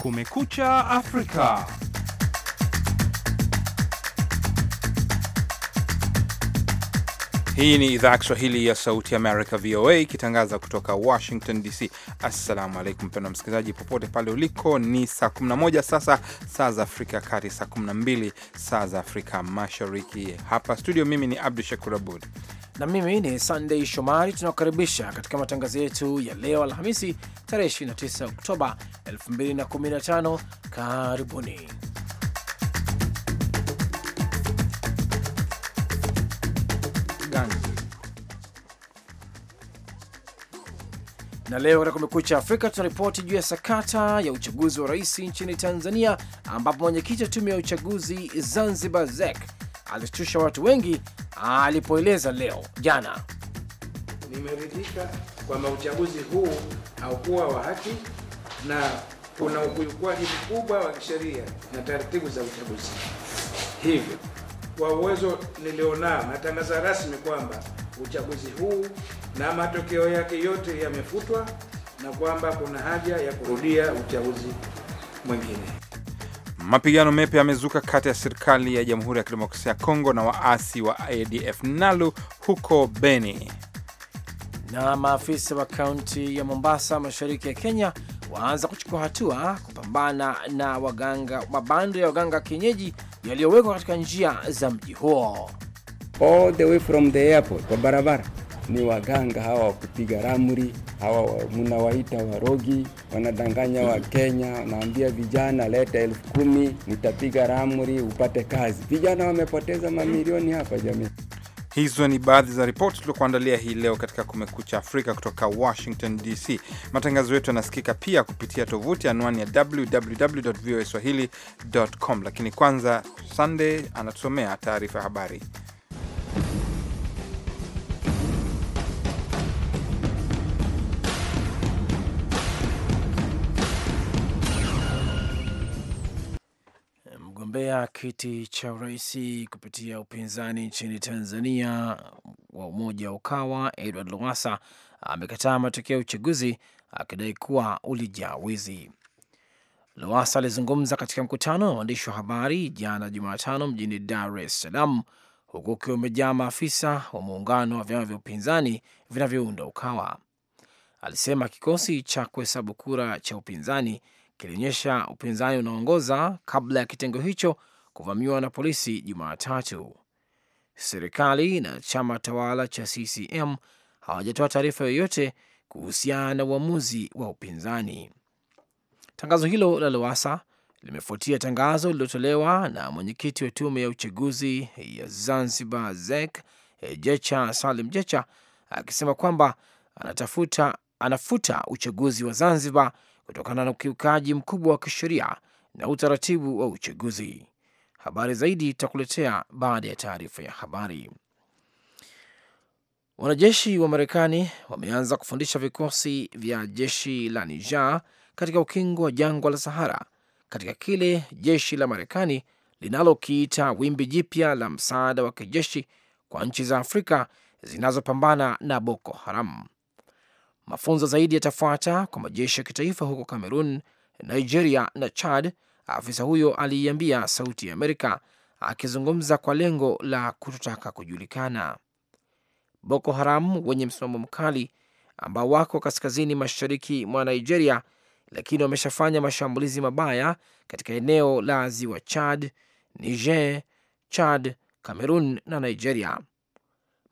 Kumekucha Afrika. Hii ni idhaa ya Kiswahili ya Sauti Amerika, VOA, ikitangaza kutoka Washington DC. Assalamu alaikum mpendwa msikilizaji, popote pale uliko. Ni saa 11 sasa, saa za Afrika ya Kati, saa 12 saa za Afrika Mashariki. Hapa studio, mimi ni Abdu Shakur Abud na mimi ni Sandei Shomari. Tunakukaribisha katika matangazo yetu ya leo Alhamisi, tarehe 29 Oktoba 2015. Karibuni. Na leo katika Kumekucha Afrika tunaripoti juu ya sakata ya uchaguzi wa rais nchini Tanzania, ambapo mwenyekiti wa tume ya uchaguzi Zanzibar ZEC alishtusha watu wengi alipoeleza leo jana, nimeridhika kwamba uchaguzi huu haukuwa wa haki na kuna ukiukwaji mkubwa wa kisheria na taratibu za uchaguzi. Hivyo kwa uwezo nilionao, natangaza rasmi kwamba uchaguzi huu na matokeo yake yote yamefutwa na kwamba kuna haja ya kurudia uchaguzi mwingine. Mapigano mepe yamezuka kati ya serikali ya Jamhuri ya Kidemokrasia ya Kongo na waasi wa ADF NALU huko Beni. Na maafisa wa kaunti ya Mombasa, mashariki ya Kenya, waanza kuchukua hatua kupambana na waganga mabando ya waganga kienyeji yaliyowekwa katika njia za mji huo, all the way from the airport, kwa barabara ni waganga hawa wa kupiga ramri, hawa mnawaita warogi, wanadanganya wa Kenya, wanaambia vijana, leta elfu kumi nitapiga ramri upate kazi. Vijana wamepoteza mamilioni hapa jamii. Hizo ni baadhi za ripoti tuliokuandalia hii leo katika Kumekucha Afrika kutoka Washington DC. Matangazo yetu yanasikika pia kupitia tovuti anwani ya www voa swahili.com, lakini kwanza Sandey anatusomea taarifa ya habari. Mgombea kiti cha urais kupitia upinzani nchini Tanzania wa umoja wa Ukawa, Edward lowasa amekataa matokeo ya uchaguzi akidai kuwa ulijaa wizi. Lowasa alizungumza katika mkutano wa waandishi wa habari jana Jumatano mjini Dar es Salaam, huku ukiwa umejaa maafisa wa muungano wa vyama vya upinzani vinavyounda Ukawa. Alisema kikosi cha kuhesabu kura cha upinzani kilionyesha upinzani unaongoza kabla ya kitengo hicho kuvamiwa na polisi Jumatatu. Serikali na chama tawala cha CCM hawajatoa taarifa yoyote kuhusiana na uamuzi wa upinzani. Tangazo hilo la lowasa limefuatia tangazo lililotolewa na mwenyekiti wa tume ya uchaguzi ya Zanzibar ZEK Jecha Salim Jecha akisema kwamba anatafuta anafuta uchaguzi wa Zanzibar kutokana na ukiukaji mkubwa wa kisheria na utaratibu wa uchaguzi. Habari zaidi itakuletea baada ya taarifa ya habari. Wanajeshi wa Marekani wameanza kufundisha vikosi vya jeshi la Niger katika ukingo wa jangwa la Sahara katika kile jeshi la Marekani linalokiita wimbi jipya la msaada wa kijeshi kwa nchi za Afrika zinazopambana na Boko Haram. Mafunzo zaidi yatafuata kwa majeshi ya kitaifa huko Cameroon, Nigeria na Chad, afisa huyo aliiambia Sauti ya Amerika akizungumza kwa lengo la kutotaka kujulikana. Boko Haram wenye msimamo mkali ambao wako kaskazini mashariki mwa Nigeria, lakini wameshafanya mashambulizi mabaya katika eneo la ziwa Chad, Niger, Chad, Cameroon na Nigeria.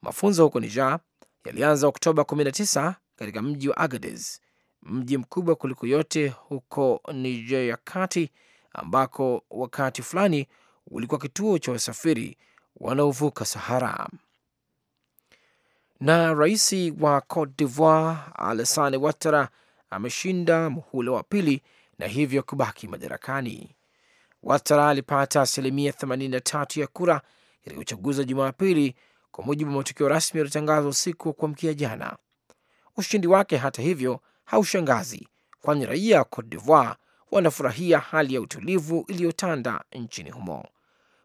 Mafunzo huko Niger yalianza Oktoba 19 katika mji wa Agadez, mji mkubwa kuliko yote huko Niger ya kati, ambako wakati fulani ulikuwa kituo cha wasafiri wanaovuka Sahara. Na rais wa Cote d'Ivoire Alassane Ouattara ameshinda muhula wa pili na hivyo kubaki madarakani. Ouattara alipata asilimia 83 ya kura katika uchaguzi wa Jumapili, kwa mujibu wa matokeo rasmi yaliyotangazwa usiku wa kuamkia jana. Ushindi wake hata hivyo haushangazi, kwani raia wa Cote d'Ivoire wanafurahia hali ya utulivu iliyotanda nchini humo.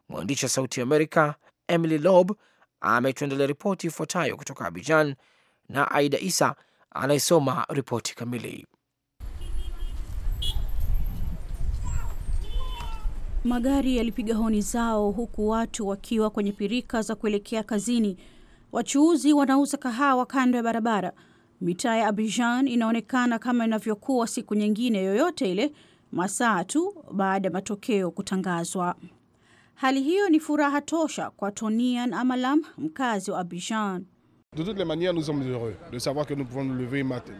Mwandishi wa Sauti ya Amerika Emily Lob ametuandalia ripoti ifuatayo kutoka Abidjan na Aida Isa anayesoma ripoti kamili. Magari yalipiga honi zao huku watu wakiwa kwenye pirika za kuelekea kazini. Wachuuzi wanauza kahawa kando ya barabara Mitaa ya Abidjan inaonekana kama inavyokuwa siku nyingine yoyote ile, masaa tu baada ya matokeo kutangazwa. Hali hiyo ni furaha tosha kwa Tonian Amalam, mkazi wa Abidjan. les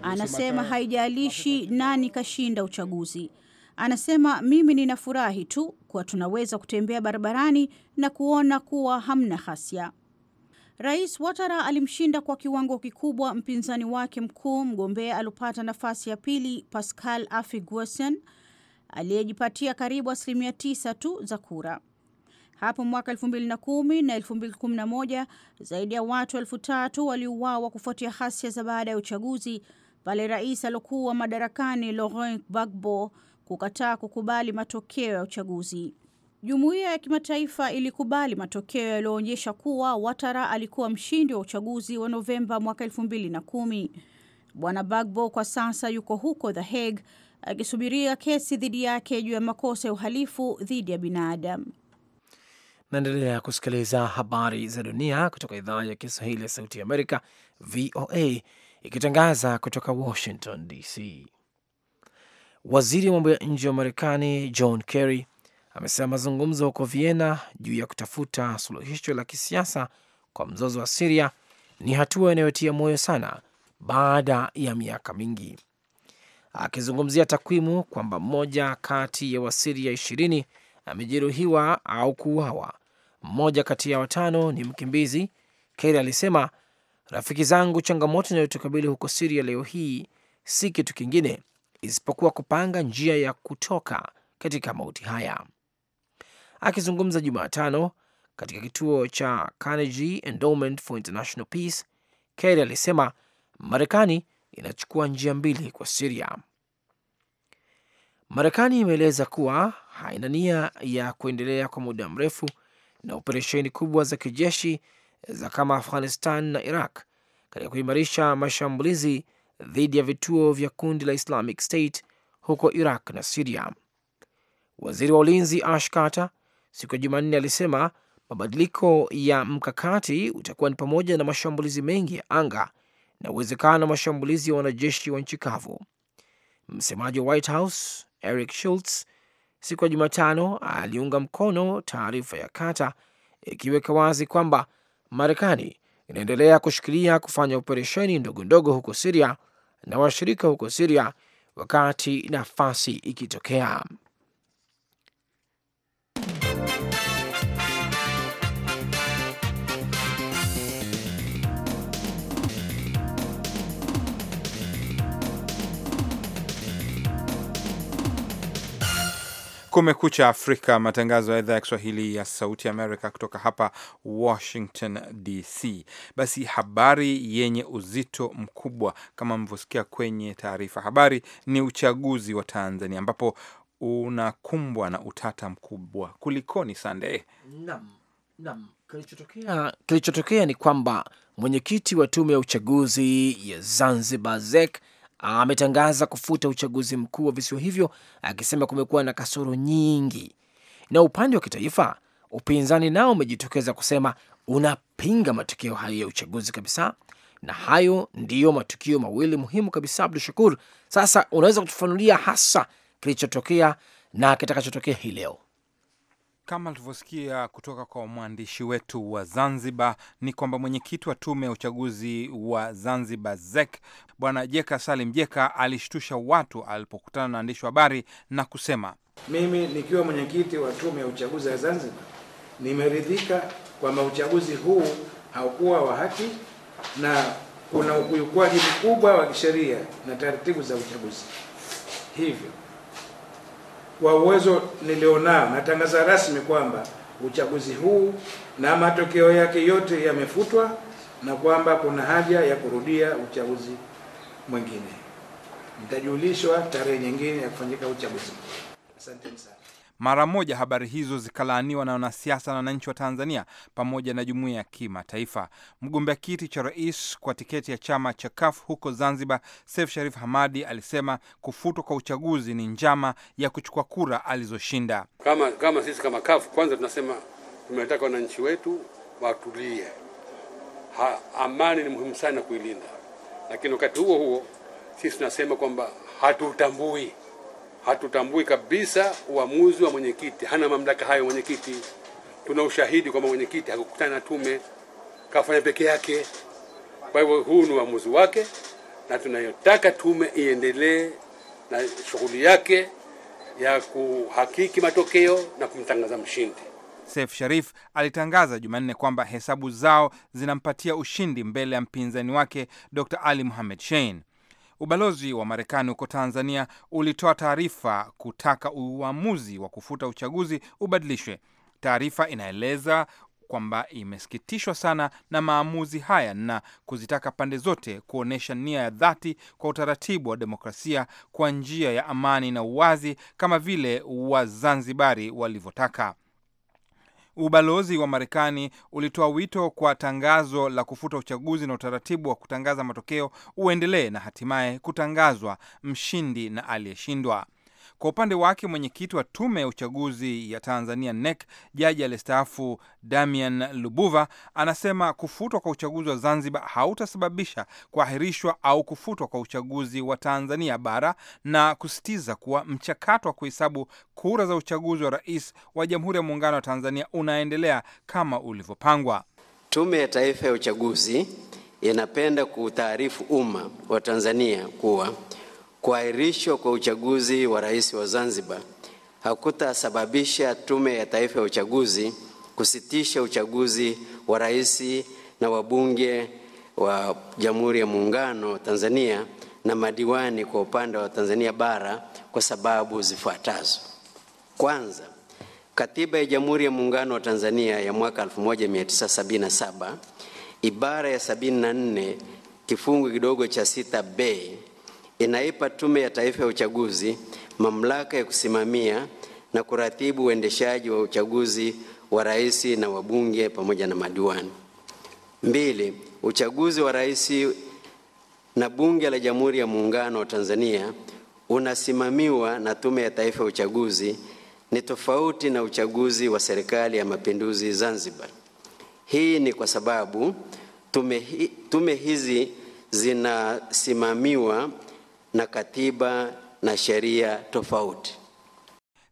Anasema haijalishi nani kashinda uchaguzi. Anasema mimi ninafurahi tu kuwa tunaweza kutembea barabarani na kuona kuwa hamna hasia. Rais Watara alimshinda kwa kiwango kikubwa mpinzani wake mkuu, mgombea alopata nafasi ya pili Pascal afigusen aliyejipatia karibu asilimia tisa tu za kura. Hapo mwaka 2010 na 2011 zaidi ya watu elfu tatu waliuawa kufuatia hasia za baada ya uchaguzi pale rais aliokuwa madarakani Laurent Gbagbo kukataa kukubali matokeo ya uchaguzi. Jumuiya ya kimataifa ilikubali matokeo yaliyoonyesha kuwa Watara alikuwa mshindi wa uchaguzi wa Novemba mwaka elfu mbili na kumi. Bwana Bagbo kwa sasa yuko huko The Hague akisubiria kesi dhidi yake juu ya makosa ya uhalifu dhidi ya binadamu. Naendelea kusikiliza habari za dunia kutoka idhaa ya Kiswahili ya Sauti ya Amerika, VOA, ikitangaza kutoka Washington DC. Waziri wa mambo ya nje wa Marekani John Kerry amesema mazungumzo huko Vienna juu ya kutafuta suluhisho la kisiasa kwa mzozo wa Siria ni hatua inayotia moyo sana baada ya miaka mingi. Akizungumzia takwimu kwamba mmoja kati ya Wasiria ishirini amejeruhiwa au kuuawa, mmoja kati ya watano ni mkimbizi, Kerry alisema, rafiki zangu, changamoto inayotukabili huko Siria leo hii si kitu kingine isipokuwa kupanga njia ya kutoka katika mauti haya. Akizungumza Jumatano katika kituo cha Carnegie Endowment for International Peace, Kerry alisema Marekani inachukua njia mbili kwa Siria. Marekani imeeleza kuwa haina nia ya kuendelea kwa muda mrefu na operesheni kubwa za kijeshi za kama Afghanistan na Iraq katika kuimarisha mashambulizi dhidi ya vituo vya kundi la Islamic State huko Iraq na Siria. Waziri wa ulinzi Ash Carter siku ya Jumanne alisema mabadiliko ya mkakati utakuwa ni pamoja na mashambulizi mengi ya anga na uwezekano wa mashambulizi ya wanajeshi wa nchi kavu. Msemaji wa White House Eric Schultz siku ya Jumatano aliunga mkono taarifa ya Kata ikiweka wazi kwamba Marekani inaendelea kushikilia kufanya operesheni ndogo ndogo huko Siria na washirika huko Siria wakati nafasi ikitokea. Kumekucha Afrika, matangazo ya idhaa ya Kiswahili ya Sauti Amerika kutoka hapa Washington DC. Basi habari yenye uzito mkubwa kama mlivyosikia kwenye taarifa habari ni uchaguzi wa Tanzania, ambapo unakumbwa na utata mkubwa. Kulikoni Sande? Naam, naam. Kilichotokea, kilichotokea ni kwamba mwenyekiti wa tume ya uchaguzi ya Zanzibar ZEK ametangaza kufuta uchaguzi mkuu wa visiwa hivyo, akisema kumekuwa na kasoro nyingi. Na upande wa kitaifa, upinzani nao umejitokeza kusema unapinga matokeo hayo ya uchaguzi kabisa, na hayo ndiyo matukio mawili muhimu kabisa. Abdu Shakur, sasa unaweza kutufanulia hasa kilichotokea na kitakachotokea hii leo. Kama tulivyosikia kutoka kwa mwandishi wetu wa Zanzibar ni kwamba mwenyekiti wa tume ya uchaguzi wa Zanzibar ZEK Bwana Jeka Salim Jeka alishtusha watu alipokutana na waandishi wa habari na kusema, mimi nikiwa mwenyekiti wa tume ya uchaguzi wa Zanzibar nimeridhika kwamba uchaguzi huu haukuwa wa haki na kuna ukiukwaji mkubwa wa kisheria na taratibu za uchaguzi, hivyo kwa uwezo nilionao, natangaza rasmi kwamba uchaguzi huu na matokeo yake yote yamefutwa na kwamba kuna haja ya kurudia uchaguzi mwingine. Mtajulishwa tarehe nyingine ya kufanyika uchaguzi. Asanteni sana. Mara moja habari hizo zikalaaniwa na wanasiasa na wananchi wa Tanzania pamoja na jumuiya ya kimataifa. Mgombea kiti cha rais kwa tiketi ya chama cha KAF huko Zanzibar, Seif Sharif Hamadi alisema kufutwa kwa uchaguzi ni njama ya kuchukua kura alizoshinda. Kama, kama sisi kama KAF kwanza tunasema tumetaka wananchi wetu watulie. Ha, amani ni muhimu sana kuilinda, lakini wakati huo huo sisi tunasema kwamba hatutambui hatutambui kabisa uamuzi wa mwenyekiti. Hana mamlaka hayo mwenyekiti. Tuna ushahidi kwamba mwenyekiti hakukutana na tume, kafanya peke yake. Kwa hivyo huu ni uamuzi wake, na tunayotaka tume iendelee na shughuli yake ya kuhakiki matokeo na kumtangaza mshindi. Seif Sharif alitangaza Jumanne kwamba hesabu zao zinampatia ushindi mbele ya mpinzani wake Dr. Ali Muhammad Shein. Ubalozi wa Marekani huko Tanzania ulitoa taarifa kutaka uamuzi wa kufuta uchaguzi ubadilishwe. Taarifa inaeleza kwamba imesikitishwa sana na maamuzi haya na kuzitaka pande zote kuonyesha nia ya dhati kwa utaratibu wa demokrasia kwa njia ya amani na uwazi kama vile Wazanzibari walivyotaka. Ubalozi wa Marekani ulitoa wito kwa tangazo la kufuta uchaguzi na utaratibu wa kutangaza matokeo uendelee na hatimaye kutangazwa mshindi na aliyeshindwa. Kwa upande wake mwenyekiti wa tume ya uchaguzi ya Tanzania NEC jaji alistaafu Damian Lubuva anasema kufutwa kwa uchaguzi wa Zanzibar hautasababisha kuahirishwa au kufutwa kwa uchaguzi wa Tanzania bara na kusisitiza kuwa mchakato wa kuhesabu kura za uchaguzi wa rais wa Jamhuri ya Muungano wa Tanzania unaendelea kama ulivyopangwa. Tume ya Taifa ya Uchaguzi inapenda kutaarifu umma wa Tanzania kuwa Kuahirishwa kwa uchaguzi wa rais wa Zanzibar hakutasababisha Tume ya Taifa ya Uchaguzi kusitisha uchaguzi wa rais na wabunge wa Jamhuri ya Muungano wa Tanzania na madiwani kwa upande wa Tanzania bara kwa sababu zifuatazo. Kwanza, Katiba ya Jamhuri ya Muungano wa Tanzania ya mwaka 1977 ibara ya 74 kifungu kidogo cha sita b inaipa Tume ya Taifa ya Uchaguzi mamlaka ya kusimamia na kuratibu uendeshaji wa uchaguzi wa rais na wabunge pamoja na madiwani. Mbili, uchaguzi wa rais na bunge la Jamhuri ya Muungano wa Tanzania unasimamiwa na Tume ya Taifa ya Uchaguzi, ni tofauti na uchaguzi wa Serikali ya Mapinduzi Zanzibar. Hii ni kwa sababu tume, tume hizi zinasimamiwa na katiba na sheria tofauti.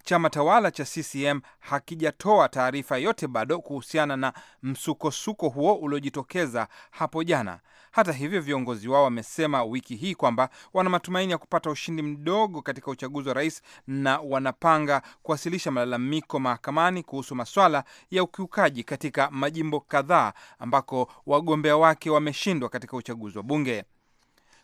Chama tawala cha CCM hakijatoa taarifa yote bado kuhusiana na msukosuko huo uliojitokeza hapo jana. Hata hivyo, viongozi wao wamesema wiki hii kwamba wana matumaini ya kupata ushindi mdogo katika uchaguzi wa rais na wanapanga kuwasilisha malalamiko mahakamani kuhusu maswala ya ukiukaji katika majimbo kadhaa ambako wagombea wake wameshindwa katika uchaguzi wa bunge.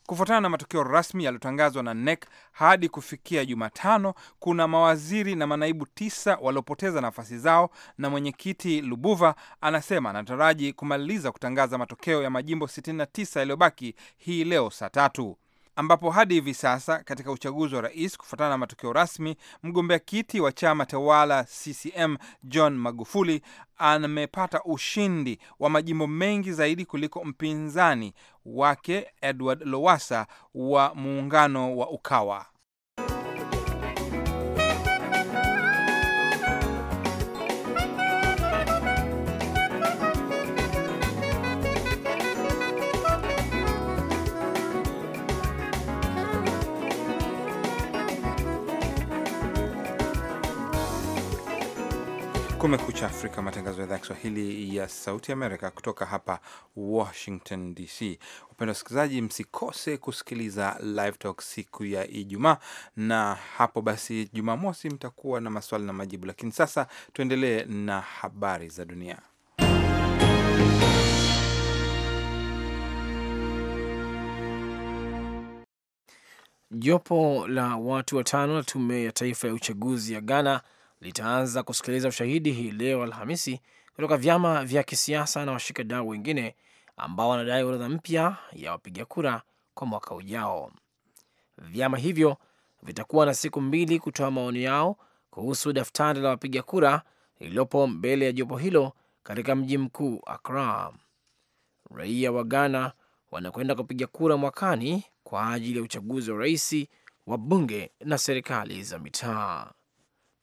Kufuatana na matokeo rasmi yaliyotangazwa na NEC hadi kufikia Jumatano, kuna mawaziri na manaibu tisa waliopoteza nafasi zao, na mwenyekiti Lubuva anasema anataraji kumaliza kutangaza matokeo ya majimbo 69 yaliyobaki hii leo saa tatu ambapo hadi hivi sasa katika uchaguzi wa rais, kufuatana na matokeo rasmi, mgombea kiti wa chama tawala CCM John Magufuli amepata ushindi wa majimbo mengi zaidi kuliko mpinzani wake Edward Lowasa wa muungano wa Ukawa. Kumekucha Afrika, matangazo ya idhaa ya Kiswahili ya Sauti Amerika kutoka hapa Washington DC. Wapenda wasikilizaji, msikose kusikiliza Live Talk siku ya Ijumaa, na hapo basi Jumamosi mtakuwa na maswali na majibu. Lakini sasa tuendelee na habari za dunia. Jopo la watu watano la Tume ya Taifa ya Uchaguzi ya Ghana litaanza kusikiliza ushahidi hii leo Alhamisi kutoka vyama vya kisiasa na washikadau wengine ambao wanadai orodha mpya ya wapiga kura kwa mwaka ujao. Vyama hivyo vitakuwa na siku mbili kutoa maoni yao kuhusu daftari la wapiga kura lililopo mbele ya jopo hilo katika mji mkuu Akra. Raia wa Ghana wanakwenda kupiga kura mwakani kwa ajili ya uchaguzi wa rais, wa bunge na serikali za mitaa.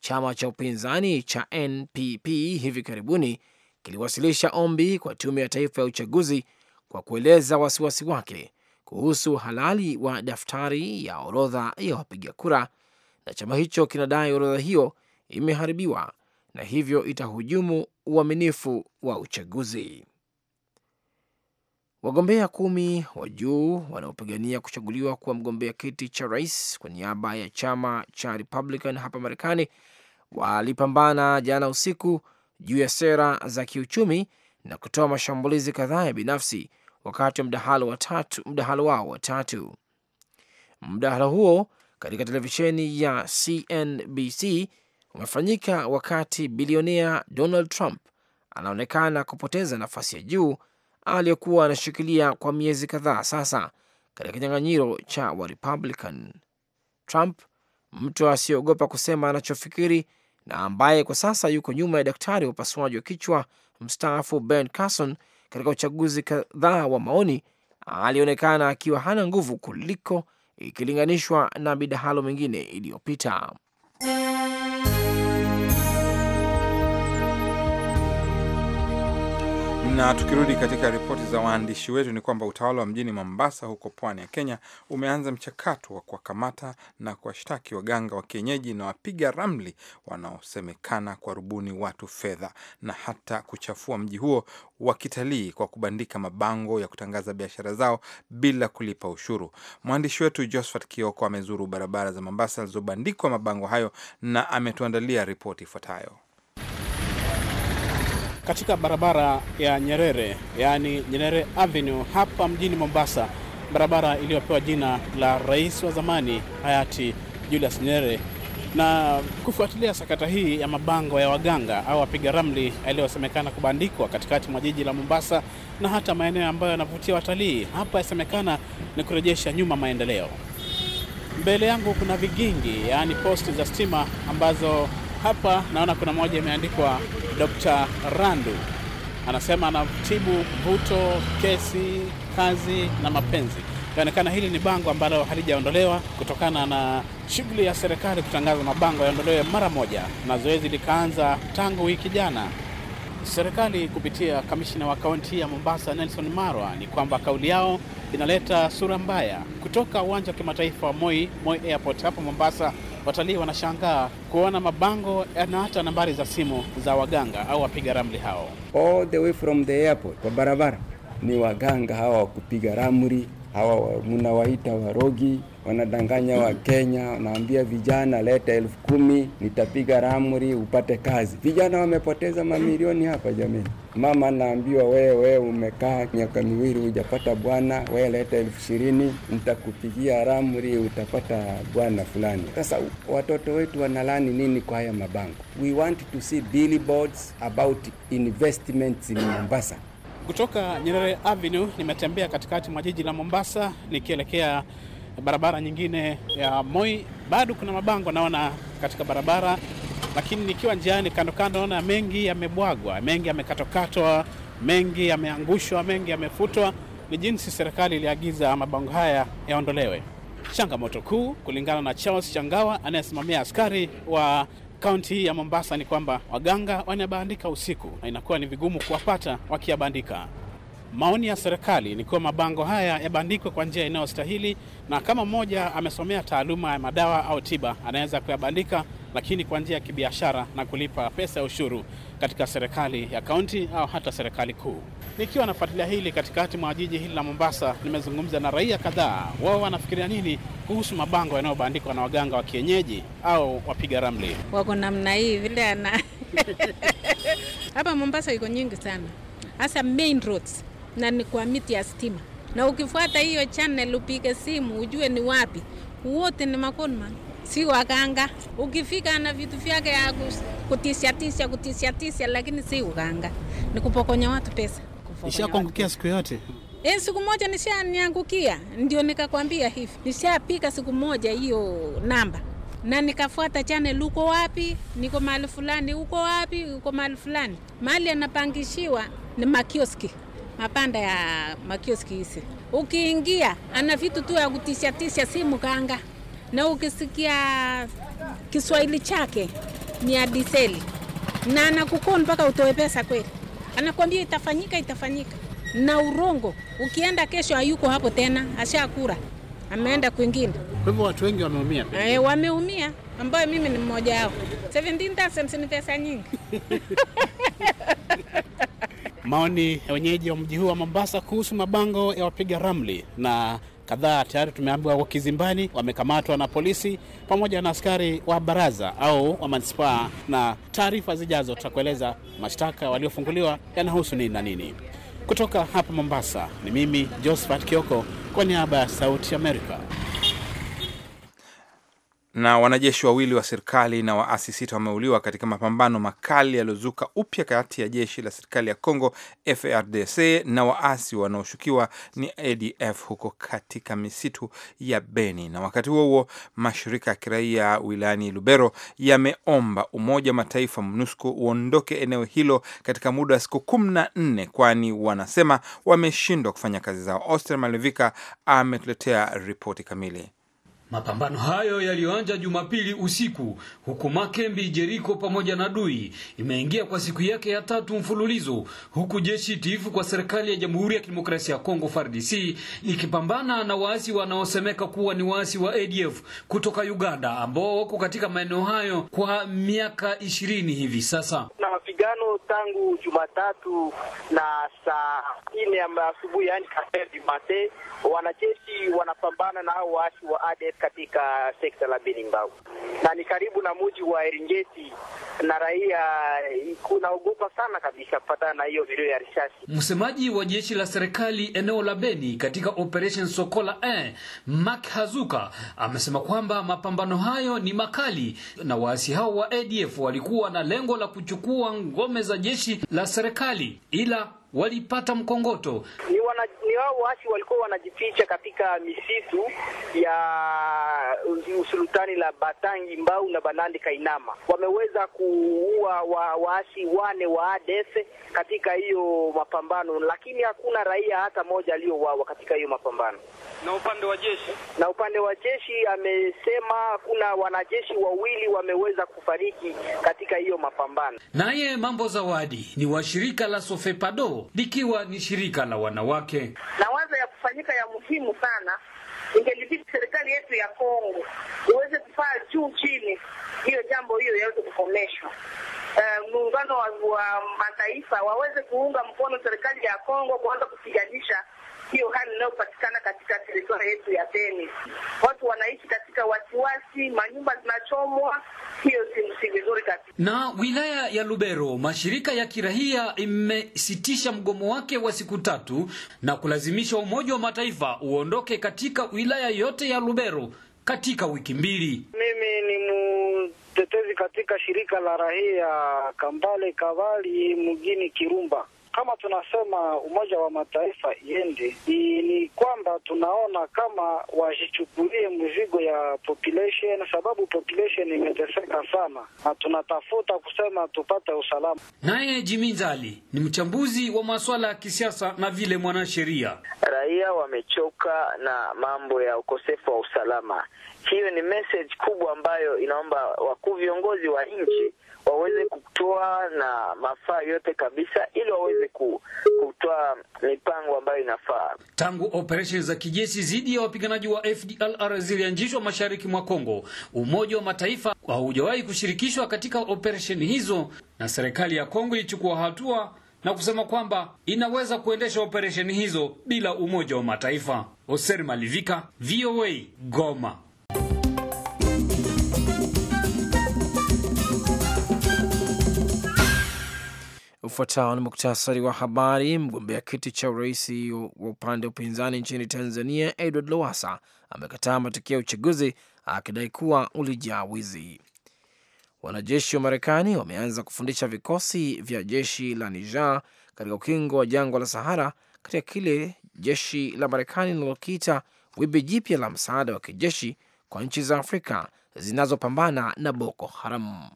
Chama cha upinzani cha NPP hivi karibuni kiliwasilisha ombi kwa Tume ya Taifa ya Uchaguzi kwa kueleza wasiwasi wake kuhusu halali wa daftari ya orodha ya wapiga kura, na chama hicho kinadai orodha hiyo imeharibiwa na hivyo itahujumu uaminifu wa uchaguzi. Wagombea kumi wa juu wanaopigania kuchaguliwa kuwa mgombea kiti cha rais kwa niaba ya chama cha Republican hapa Marekani walipambana jana usiku juu ya sera za kiuchumi na kutoa mashambulizi kadhaa ya binafsi wakati wa mdahalo wa tatu, mdahalo wao wa tatu. Mdahalo huo katika televisheni ya CNBC umefanyika wakati bilionea Donald Trump anaonekana kupoteza nafasi ya juu aliyokuwa anashikilia kwa miezi kadhaa sasa katika kinyang'anyiro cha Warepublican. Trump mtu asiyeogopa kusema anachofikiri na ambaye kwa sasa yuko nyuma ya daktari wa upasuaji wa kichwa mstaafu Ben Carson katika uchaguzi kadhaa wa maoni, alionekana akiwa hana nguvu kuliko ikilinganishwa na midahalo mingine iliyopita. Na tukirudi katika ripoti za waandishi wetu ni kwamba utawala wa mjini Mombasa huko pwani ya Kenya umeanza mchakato wa kuwakamata na kuwashtaki waganga wa kienyeji na wapiga ramli wanaosemekana kuwarubuni watu fedha na hata kuchafua mji huo wa kitalii kwa kubandika mabango ya kutangaza biashara zao bila kulipa ushuru. Mwandishi wetu Josephat Kioko amezuru barabara za Mombasa zilizobandikwa mabango hayo na ametuandalia ripoti ifuatayo katika barabara ya Nyerere, yaani Nyerere Avenue hapa mjini Mombasa, barabara iliyopewa jina la rais wa zamani hayati Julius Nyerere. Na kufuatilia sakata hii ya mabango ya waganga au wapiga ramli yaliyosemekana kubandikwa katikati mwa jiji la Mombasa na hata maeneo ambayo yanavutia watalii, hapa yasemekana ni kurejesha nyuma maendeleo. Mbele yangu kuna vigingi, yaani posti za stima ambazo hapa naona kuna moja imeandikwa Dr. Randu, anasema anatibu mvuto, kesi, kazi na mapenzi. Inaonekana hili ni bango ambalo halijaondolewa kutokana na shughuli ya serikali kutangaza mabango yaondolewe mara moja, na zoezi likaanza tangu wiki jana. Serikali kupitia kamishina wa kaunti ya Mombasa Nelson Marwa ni kwamba kauli yao inaleta sura mbaya. Kutoka uwanja wa kimataifa wa Moi, Moi Airport hapo Mombasa watalii wanashangaa kuona mabango na hata nambari za simu za waganga au wapiga ramli hao. All the way from the airport, kwa barabara ni waganga hawa wa kupiga ramli hawa mnawaita warogi, wanadanganya wa kenya wanaambia vijana, leta elfu kumi nitapiga ramri upate kazi. Vijana wamepoteza mamilioni hapa jamani. Mama anaambiwa wewe, wewe umekaa miaka miwili hujapata bwana, wewe leta elfu ishirini nitakupigia ramri utapata bwana fulani. Sasa watoto wetu wanalani nini kwa haya mabango? We want to see billboards about investments in Mombasa. Kutoka Nyerere Avenue nimetembea katikati mwa jiji la Mombasa nikielekea barabara nyingine ya Moi. Bado kuna mabango naona katika barabara, lakini nikiwa njiani kando kando naona mengi yamebwagwa, mengi yamekatokatwa mengi yameangushwa, mengi yamefutwa. Ni jinsi serikali iliagiza mabango haya yaondolewe. Changamoto kuu kulingana na Charles Changawa anayesimamia askari wa kaunti ya Mombasa ni kwamba waganga wanabandika usiku na inakuwa ni vigumu kuwapata wakiabandika. Maoni ya serikali ni kuwa mabango haya yabandikwe kwa njia inayostahili, na kama mmoja amesomea taaluma ya madawa au tiba, anaweza kuyabandika, lakini kwa njia ya kibiashara na kulipa pesa ya ushuru katika serikali ya kaunti au hata serikali kuu. Nikiwa nafuatilia hili katikati mwa jiji hili la Mombasa, nimezungumza na raia kadhaa. Wao wanafikiria nini kuhusu mabango yanayobandikwa na waganga wa kienyeji au wapiga ramli? Wako namna hii vile ana hapa Mombasa iko nyingi sana, hasa main roads na ni kwa miti ya stima, na ukifuata hiyo channel upige simu ujue ni wapi, wote ni makonman si waganga. Ukifika na vitu vyake ya kutisha tisha kutisha tisha, lakini si uganga, ni kupokonya watu pesa. Ishakuangukia siku yote? E, siku moja nishaniangukia, ndio nikakwambia hivi, nishapika siku moja hiyo namba na nikafuata channel, uko wapi? Niko mahali fulani. Uko wapi? Uko mahali fulani. Mahali anapangishiwa ni makioski, mapanda ya makioski hizi. Ukiingia ana vitu tu ya tisha, si mganga, na ukisikia Kiswahili chake ni adiseli, na anakukon mpaka utoe pesa kweli anakwambia itafanyika, itafanyika na urongo. Ukienda kesho, hayuko hapo tena, ashakura ameenda kwingine. Kwa hivyo watu wengi wameumia, eh, wameumia ambayo mimi ni mmoja wao. 17,000 ni pesa nyingi. Maoni ya wenyeji wa mji huu wa Mombasa kuhusu mabango ya wapiga ramli na kadhaa tayari tumeambiwa wako kizimbani, wamekamatwa na polisi pamoja na askari wa baraza au wa manispaa, na taarifa zijazo tutakueleza mashtaka waliofunguliwa yanahusu nini na nini. Kutoka hapa Mombasa ni mimi Josephat Kioko kwa niaba ya Sauti Amerika. Na wanajeshi wawili wa serikali na waasi sita wameuliwa katika mapambano makali yaliyozuka upya kati ya jeshi la serikali ya Congo FARDC na waasi wanaoshukiwa ni ADF huko katika misitu ya Beni. Na wakati huo huo, mashirika ya kiraia wilayani Lubero yameomba Umoja wa Mataifa MONUSCO uondoke eneo hilo katika muda wa siku kumi na nne, kwani wanasema wameshindwa kufanya kazi zao. Oster Malevika ametuletea ripoti kamili. Mapambano hayo yaliyoanza Jumapili usiku huku Makembi Jeriko pamoja na Dui imeingia kwa siku yake ya tatu mfululizo huku jeshi tiifu kwa serikali ya Jamhuri ya Kidemokrasia ya Kongo FARDC likipambana na waasi wanaosemeka kuwa ni waasi wa ADF kutoka Uganda ambao wako katika maeneo hayo kwa miaka ishirini hivi sasa na mapigano tangu Jumatatu na saa nne ya asubuhi, yaani mate wanajeshi wanapambana na hao waasi wa ADF katika sekta la Binimbau na ni karibu na muji wa Eringeti, na raia kunaogopa sana kabisa kupatana na hiyo vilio ya risasi. Msemaji wa jeshi la serikali eneo la Beni katika operation Sokola eh, Mark Hazuka amesema kwamba mapambano hayo ni makali na waasi hao wa ADF walikuwa na lengo la kuchukua ngome za jeshi la serikali ila walipata mkongoto. Ni, wana, ni wao waasi walikuwa wanajificha katika misitu ya usultani la Batangi Mbau na Banandi Kainama. Wameweza kuua wa, waasi wane wa ADF katika hiyo mapambano, lakini hakuna raia hata moja aliyowawa katika hiyo mapambano. Na upande wa jeshi, na upande wa jeshi amesema kuna wanajeshi wawili wameweza kufariki katika hiyo mapambano. Naye Mambo Zawadi ni wa shirika la Sofepado likiwa ni shirika la wanawake. Na waza ya kufanyika ya muhimu sana, ingelibidi serikali yetu ya Kongo uweze kufaa juu chini, hiyo jambo hiyo yaweze kukomeshwa. Uh, muungano wa, wa mataifa waweze kuunga mkono serikali ya Kongo kuanza kupiganisha hiyo hali inayopatikana katika teritoria yetu ya Beni. Watu wanaishi katika wasiwasi, manyumba zinachomwa, hiyo si vizuri kabisa. Na wilaya ya Lubero, mashirika ya kirahia imesitisha mgomo wake wa siku tatu na kulazimisha Umoja wa Mataifa uondoke katika wilaya yote ya Lubero katika wiki mbili. Mimi ni katika shirika la rahia Kambale Kavali mjini Kirumba. Kama tunasema Umoja wa Mataifa iende, ni kwamba tunaona kama wajichukulie mzigo ya population, sababu population imeteseka sana, na tunatafuta kusema tupate usalama. Naye Jiminzali ni mchambuzi wa masuala ya kisiasa na vile mwanasheria. Raia wamechoka na mambo ya ukosefu wa usalama, hiyo ni message kubwa ambayo inaomba wakuu viongozi wa nchi waweze kutoa na mafaa yote kabisa, ili waweze kutoa mipango ambayo inafaa. Tangu operesheni za kijeshi dhidi ya wapiganaji wa FDLR zilianzishwa mashariki mwa Kongo, Umoja wa Mataifa haujawahi kushirikishwa katika operesheni hizo, na serikali ya Kongo ilichukua hatua na kusema kwamba inaweza kuendesha operesheni hizo bila Umoja wa Mataifa. Oser Malivika, VOA, Goma. Ufuatao ni muktasari wa habari. Mgombea kiti cha urais wa upande wa upinzani nchini Tanzania, Edward Lowasa amekataa matokeo ya uchaguzi akidai kuwa ulijaa wizi. Wanajeshi wa Marekani wameanza kufundisha vikosi vya jeshi la Niger katika ukingo wa jangwa la Sahara, katika kile jeshi la Marekani linalokiita wimbi jipya la msaada wa kijeshi kwa nchi za Afrika zinazopambana na Boko Haram.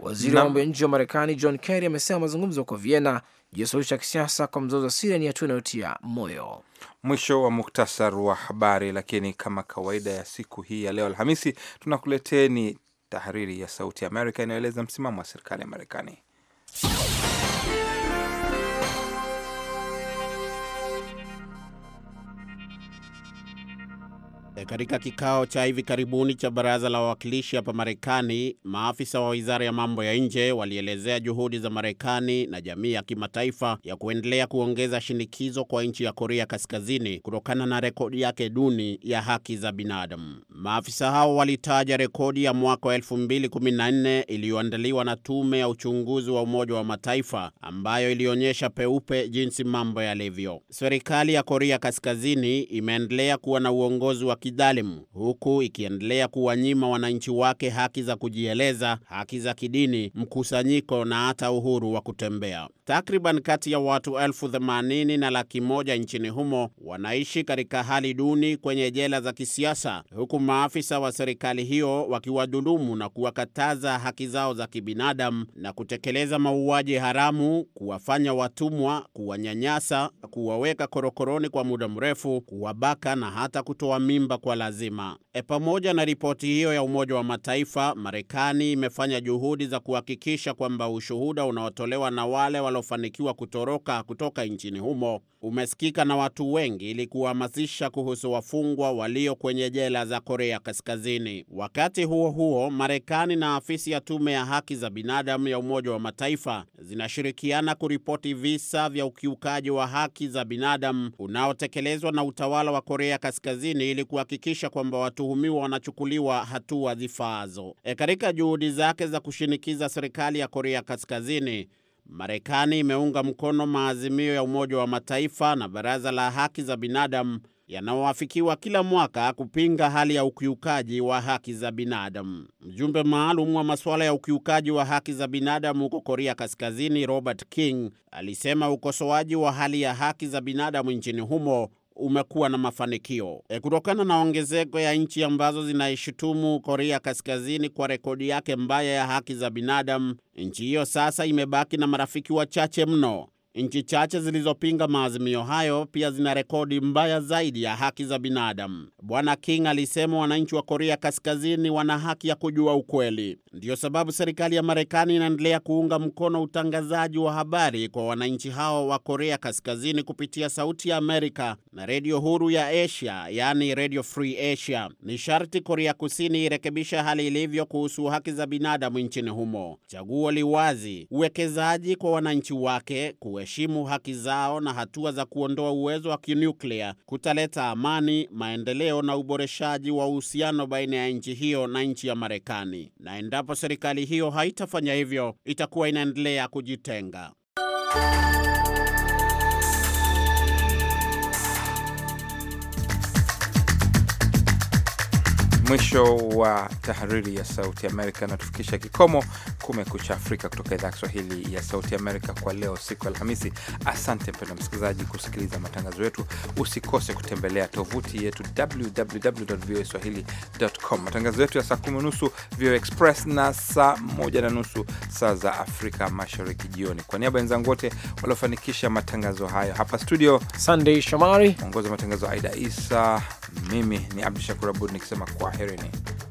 Waziri wa mambo ya nje wa Marekani John Kerry amesema mazungumzo huko Vienna juu ya suluhisho ya kisiasa kwa mzozo wa Siria ni hatua inayotia moyo. Mwisho wa muktasar wa habari. Lakini kama kawaida ya siku hii ya leo Alhamisi, tunakuleteni tahariri ya Sauti ya Amerika inayoeleza msimamo wa serikali ya Marekani. E, katika kikao cha hivi karibuni cha baraza la wawakilishi hapa Marekani, maafisa wa wizara ya mambo ya nje walielezea juhudi za Marekani na jamii ya kimataifa ya kuendelea kuongeza shinikizo kwa nchi ya Korea Kaskazini kutokana na rekodi yake duni ya haki za binadamu. Maafisa hao walitaja rekodi ya mwaka wa 2014 iliyoandaliwa na tume ya uchunguzi wa Umoja wa Mataifa ambayo ilionyesha peupe jinsi mambo yalivyo. Serikali ya Korea Kaskazini imeendelea kuwa na uongozi wa kidhalimu, huku ikiendelea kuwanyima wananchi wake haki za kujieleza, haki za kidini, mkusanyiko na hata uhuru wa kutembea. Takriban kati ya watu elfu themanini na laki moja nchini humo wanaishi katika hali duni kwenye jela za kisiasa, huku maafisa wa serikali hiyo wakiwadhulumu na kuwakataza haki zao za kibinadamu na kutekeleza mauaji haramu, kuwafanya watumwa, kuwanyanyasa, kuwaweka korokoroni kwa muda mrefu, kuwabaka na hata kutoa mimba Oktoba kwa lazima. E, pamoja na ripoti hiyo ya Umoja wa Mataifa, Marekani imefanya juhudi za kuhakikisha kwamba ushuhuda unaotolewa na wale waliofanikiwa kutoroka kutoka nchini humo umesikika na watu wengi ili kuhamasisha kuhusu wafungwa walio kwenye jela za Korea Kaskazini. Wakati huo huo, Marekani na afisi ya tume ya haki za binadamu ya Umoja wa Mataifa zinashirikiana kuripoti visa vya ukiukaji wa haki za binadamu unaotekelezwa na utawala wa Korea Kaskazini ili kuhakikisha kwamba watuhumiwa wanachukuliwa hatua zifaazo. E, katika juhudi zake za kushinikiza serikali ya Korea Kaskazini, Marekani imeunga mkono maazimio ya Umoja wa Mataifa na Baraza la Haki za Binadamu yanayoafikiwa kila mwaka kupinga hali ya ukiukaji wa haki za binadamu. Mjumbe maalum wa masuala ya ukiukaji wa haki za binadamu huko Korea Kaskazini, Robert King, alisema ukosoaji wa hali ya haki za binadamu nchini humo umekuwa na mafanikio e, kutokana na ongezeko ya nchi ambazo zinaishutumu Korea Kaskazini kwa rekodi yake mbaya ya haki za binadamu. Nchi hiyo sasa imebaki na marafiki wachache mno. Nchi chache zilizopinga maazimio hayo pia zina rekodi mbaya zaidi ya haki za binadamu. Bwana King alisema wananchi wa Korea Kaskazini wana haki ya kujua ukweli. Ndiyo sababu serikali ya Marekani inaendelea kuunga mkono utangazaji wa habari kwa wananchi hao wa Korea Kaskazini kupitia Sauti ya Amerika na redio huru ya Asia, yaani Radio Free Asia. Ni sharti Korea Kusini irekebisha hali ilivyo kuhusu haki za binadamu nchini humo. Chaguo li wazi: uwekezaji kwa wananchi wake kuwe kuheshimu haki zao na hatua za kuondoa uwezo wa kinyuklia kutaleta amani, maendeleo na uboreshaji wa uhusiano baina ya nchi hiyo na nchi ya Marekani, na endapo serikali hiyo haitafanya hivyo itakuwa inaendelea kujitenga. Mwisho wa tahariri ya Sauti Amerika natufikisha kikomo Kumekucha Afrika kutoka idhaa ya Kiswahili ya Sauti Amerika kwa leo, siku ya Alhamisi. Asante mpendwa msikilizaji kusikiliza matangazo yetu. Usikose kutembelea tovuti yetu www.voaswahili.com. Matangazo yetu ya saa kumi nusu VOA Express na saa moja na nusu saa za Afrika Mashariki jioni. Kwa niaba wenzangu wote waliofanikisha matangazo hayo hapa studio, Sandey Shomari mwongozi wa matangazo Aida Isa, mimi ni Abdu Shakur Abud nikisema kwa Hearing it.